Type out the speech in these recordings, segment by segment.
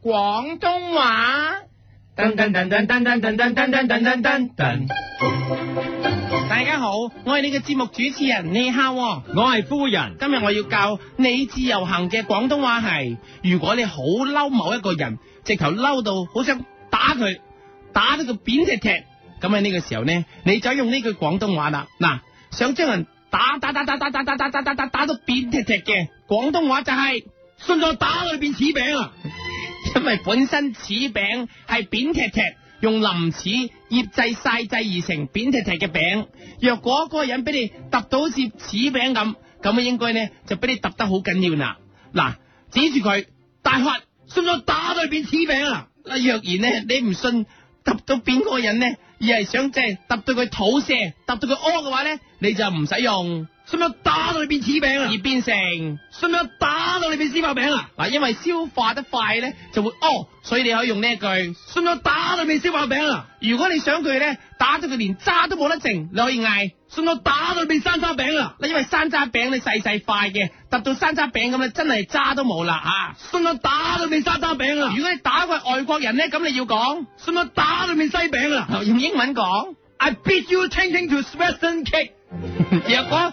廣東話，大家好，我係你嘅節目主持人，你好哦，我係夫人。今日我要教你自由行嘅廣東話係，如果你好嬲某一個人，直頭嬲到好想打佢，打到佢扁踢踢，咁喺呢個時候呢，你就用呢句廣東話啦。嗱，想將人打打打打打打打打打打打打到扁踢踢嘅廣東話就係，是，信在打你變屎餅啊！因為本身柿餅係扁踢踢，用林柿醃製晒製而成扁踢踢嘅餅。若果嗰個人俾你揼到好似柿餅咁，咁應該咧就俾你揼得好緊要喇，嗱，指住佢大喝，信唔信打到變柿餅啊？嗱，若然咧你唔信揼到扁嗰個人咧，而係想即係揼到佢肚瀉，揼到佢屙嘅話咧，你就唔使用,用。信唔信打到你變柿餅啊？而變成信唔信打到你變消化餅啊？嗱，因為消化得快咧，就會哦，oh, 所以你可以用呢一句，信唔信打到你變消化餅啊？如果你想佢咧，打咗佢連渣都冇得剩，你可以嗌，信唔信打到你變山楂餅啊？你因為山楂餅你細細塊嘅，揼到山楂餅咁，你真係渣都冇啦吓！信唔信、啊、打到你變山楂餅啊？如果你打佢係外國人咧，咁你要講，信唔信打到你變西餅啊？用英文講，I bid you, turning to s western cake。若果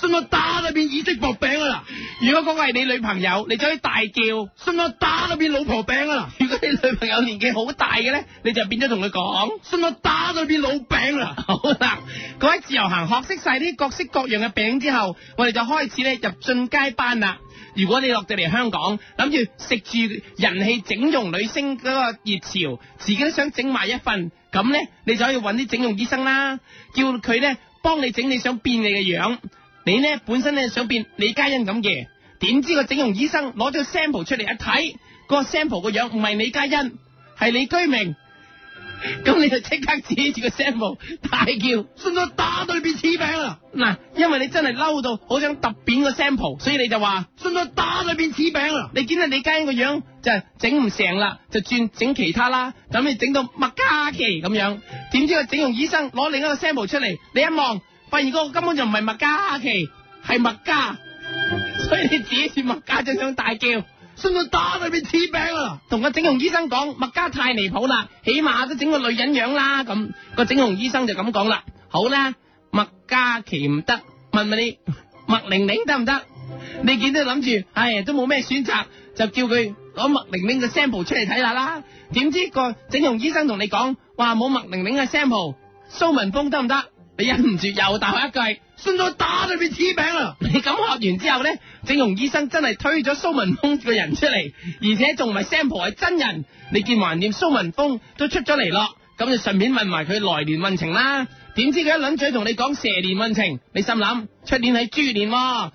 信我打到變意式薄餅啦！如果嗰個係你女朋友，你就可以大叫；信我打到變老婆餅啦！如果你女朋友年紀好大嘅咧，你就變咗同佢講：信我打到變老餅啦！ 好啦，各位自由行學識晒啲各式各樣嘅餅之後，我哋就開始咧入進階班啦。如果你落咗嚟香港，諗住食住人氣整容女星嗰個熱潮，自己都想整埋一份咁咧，你就可以搵啲整容醫生啦，叫佢咧幫你整你想變你嘅樣。你呢，本身呢想變李嘉欣咁嘅，點知個整容醫生攞咗個 sample 出嚟一睇，嗰個 sample 個樣唔係李嘉欣，係李居明。咁 你就即刻指住個 sample 大叫，信唔信打對變柿餅啦？嗱、啊，因為你真係嬲到好想揼扁個 sample，所以你就話信唔信打對變柿餅啊？你見到李嘉欣個樣就整唔成啦，就轉整其他啦，咁你整到麥嘉琪咁樣，點知個整容醫生攞另一個 sample 出嚟，你一望。發現個根本就唔係麥嘉琪，係麥嘉， 所以你自己似麥嘉就想大叫，信到打到變痴餅啦！同 個整容醫生講，麥嘉太離譜啦，起碼都整個女人樣啦咁。個整容醫生就咁講啦。好啦，麥嘉琪唔得，問問你麥玲玲得唔得？你見到諗住，唉，都冇咩選擇，就叫佢攞麥玲玲嘅 sample 出嚟睇下啦。點知個整容醫生同你講，話冇麥玲玲嘅 sample，蘇文峰得唔得？你忍唔住又大話一句，信到打你變黐餅啊！你咁喝完之後呢，整容醫生真係推咗蘇文峰個人出嚟，而且仲唔係 sample，係真人。你見橫掂蘇文峰都出咗嚟咯，咁就順便問埋佢來年運程啦。點知佢一輪嘴同你講蛇年運程，你心諗出年係豬年喎。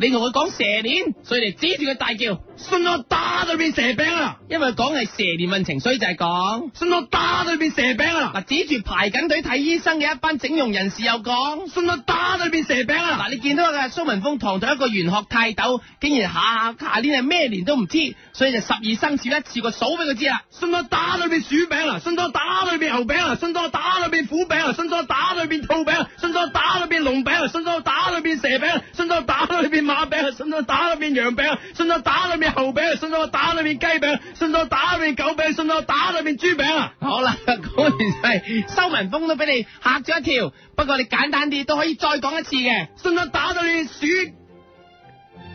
你同佢講蛇年，所以你指住佢大叫，信我打到變蛇餅啊！因為講係蛇年運程，所以就係講，信我打到變蛇餅啊！嗱，指住排緊隊睇醫生嘅一班整容人士又講，信我打到變蛇餅啊！嗱，你見到嘅蘇民峰堂堂一個玄學泰斗，竟然下下年係咩年都唔知，所以就十二生肖一次過數俾佢知啊！信我打到變鼠餅啊，信我打到變牛餅啊，信我打到變虎餅啊，信我打到變兔餅啊，信我打到變龍餅啊，信我打到變蛇餅。打到你變馬餅，信到打到變羊餅，信到打到變猴餅，信到打到面雞餅，信到打到面狗餅，信到打到變豬餅啊！好啦，講完係收文峰都俾你吓咗一跳。不過你簡單啲都可以再講一次嘅，信到打到變鼠，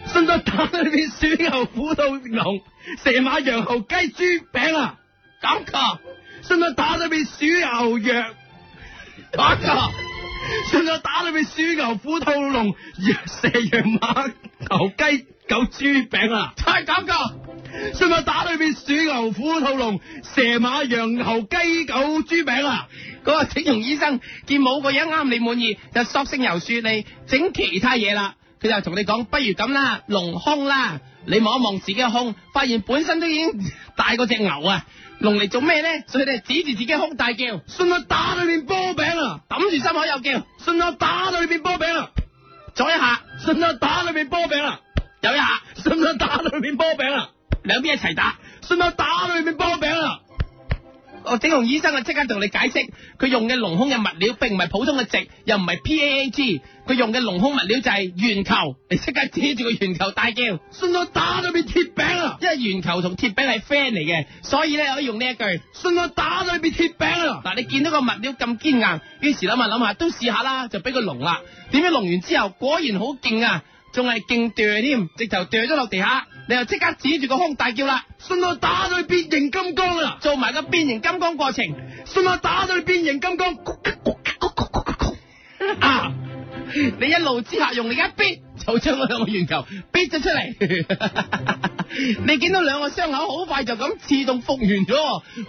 信到打到變鼠牛虎兔龍蛇馬羊猴雞豬餅啊！咁㗎，信到打到變鼠牛羊。打噶。信我打裏邊鼠牛虎兔龍蛇羊馬牛雞狗豬餅啊！太減噶！信我打裏邊鼠牛虎兔龍蛇馬羊牛雞狗豬餅啊！咁啊， 嗰個整容醫生見冇個樣啱你滿意，就索性遊說你整其他嘢啦。佢就同你講，不如咁啦，隆胸啦。你望一望自己嘅胸，發現本身都已經大過隻牛啊！隆嚟做咩咧？所以你指住自己胸大叫：，信我打裏面波餅啊！揼住心口又叫：，信我打裏邊波餅啊！左一下，信我打裏邊波餅啊！右一下，信我打裏邊波餅啊！兩邊一齊打，信我打裏邊波餅啊！我整容醫生啊，即刻同你解釋，佢用嘅隆胸嘅物料並唔係普通嘅直，又唔係 PAAG，佢用嘅隆胸物料就係圓球，你即刻指住個圓球大叫，信我打咗變鐵餅啊！因為圓球同鐵餅係 friend 嚟嘅，所以咧可以用呢一句，信我打咗變鐵餅啊！嗱，你見到個物料咁堅硬，於是諗下諗下都試下啦，就俾佢隆啦。點知隆完之後果然好勁啊，仲係勁斷添，直頭斷咗落地下。你又即刻指住個胸大叫啦，信我打到變形金剛啦，做埋個變形金剛過程，信我打到變形金剛， 啊！你一怒之下用力一變。就將我兩個圓球逼咗出嚟， 你見到兩個傷口好快就咁自動復原咗，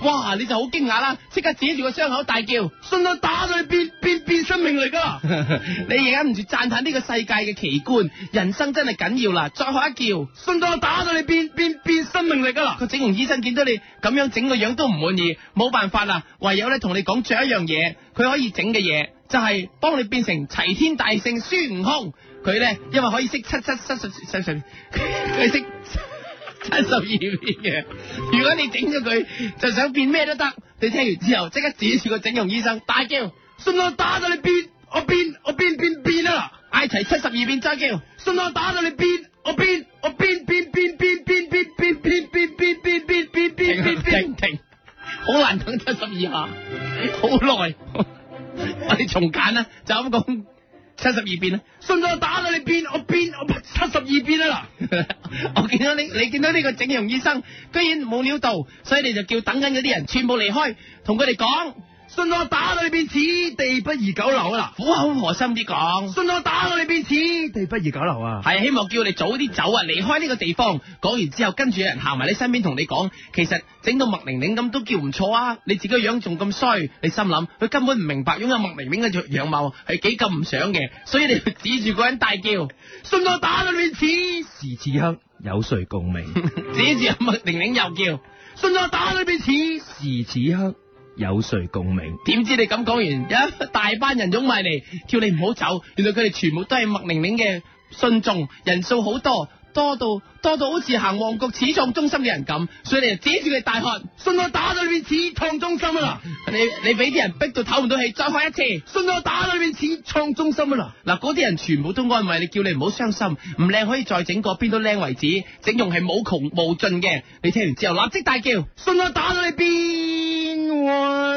哇！你就好驚訝啦，即刻指住個傷口大叫，信到打到你變變變生命力噶！ 你而家唔住讚嘆呢個世界嘅奇觀，人生真係緊要啦！再下一叫，信到我打到你變變變生命力噶啦！個 整容醫生見到你咁樣整個樣都唔滿意，冇辦法啦，唯有咧同你講着一樣嘢，佢可以整嘅嘢就係、是、幫你變成齊天大聖孫悟空。佢咧 cin stereotype，因為可以識七七七十七十，佢識七十二變嘅。如果你整咗佢，就想變咩都得。你聽完之後，即刻指住個整容醫生，大叫：，信我打到你變，我變，我變變變啊！嗌齊七十二變，揸叫信我打到你變，我變，我變變變變變變變變變變變變變變變變停停停，好難等七十二下，好耐。 我哋重揀啦，就咁講。七十二變啦！啊、信唔信我打啦你變，我變我七十二變啊嗱！ 我見到你，你見到呢個整容醫生，居然冇料到，所以你就叫等緊嗰啲人全部離開，同佢哋講。信我打到你變此地不宜久留啊！啦，苦口婆心啲講，信我打到你變此地不宜久留啊！係希望叫你早啲走啊！離開呢個地方。講完之後，跟住有人行埋你身邊同你講，其實整到麥玲玲咁都叫唔錯啊！你自己個樣仲咁衰，你心諗佢根本唔明白擁有麥玲玲嘅樣貌係幾咁唔想嘅，所以你就指住個人大叫，信我打到你變此。時此刻有誰共鳴？ 指住麥玲玲又叫，信我打到你變此。時此刻。有誰共鳴？點知你咁講完，有一大班人湧埋嚟，叫你唔好走。原來佢哋全部都係麥玲玲嘅信眾，人數好多，多到多到好似行旺角始創中心嘅人咁。所以你就指住佢大喊：信我打到你變始創中心啊！ 你你俾啲人逼到唞唔到氣，再開一次，信我打到你變始創中心啊！嗱，嗰啲人全部都安慰你，叫你唔好傷心，唔靚可以再整過，變到靚為止。整容係冇窮無盡嘅。你聽完之後立即大叫：信我打到你變！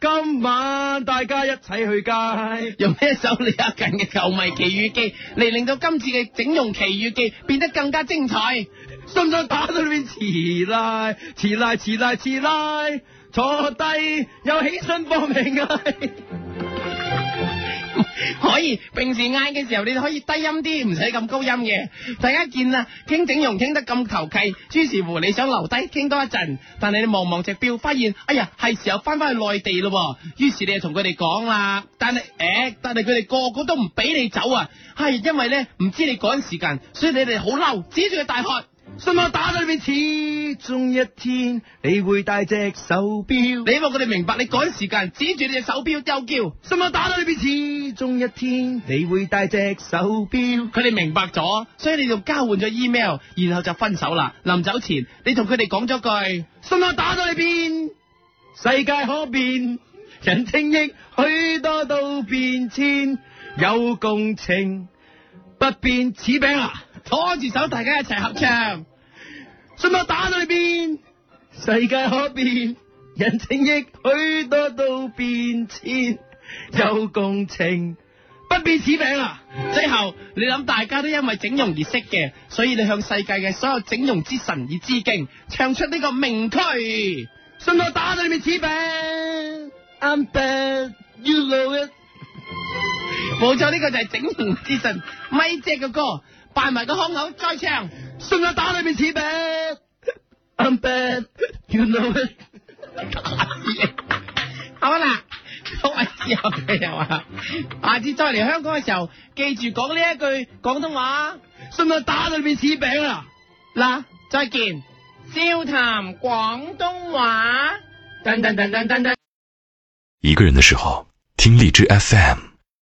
今晚大家一齊去街，用呢一首李克勤嘅《球迷奇遇記》嚟，令到今次嘅整容奇遇記變得更加精彩，信唔信打到你遲拉，遲拉，遲拉，遲拉，坐低又起身搏命啊！ 可以平時嗌嘅時候，你就可以低音啲，唔使咁高音嘅。大家見啦，傾整容傾得咁求契，於是乎你想留低傾多一陣，但係你望望隻表，發現哎呀係時候翻翻去內地咯。於是你就同佢哋講啦，但係誒、哎，但係佢哋個個都唔俾你走啊，係因為呢，唔知你趕時間，所以你哋好嬲，指住佢大喝。信我打到你邊，始終一天你會戴隻手表。你話佢哋明白，你趕時間，指住你隻手表又叫。信我打到你邊，始終一天你會戴隻手表。佢哋明白咗，所以你就交換咗 email，然後就分手啦。臨走前，你同佢哋講咗句：信我打到你邊。世界可變，人情亦許多都變遷，有共情不變此餅啊！坐住手，大家一齊合唱，信到打到你邊。世界可變，人情亦許多，多都變遷，有共情不變此名啊！最後你諗，大家都因為整容而識嘅，所以你向世界嘅所有整容之神而致敬，唱出呢個名句，信到打到你邊此名。I'm bad，You Know，it，冇錯，呢、這個就係整容之神米姐嘅歌。拜埋個胸口再唱，信路打你變屎餅，I'm bad you know， 原來係，係咪嗱？咁啊之後佢又下次再嚟香港嘅時候，記住講呢一句廣東話，信路打你變屎餅啦！嗱，再見，笑談廣東話。等、等、等、等、等。噔。一個人嘅時候，聽荔枝 FM。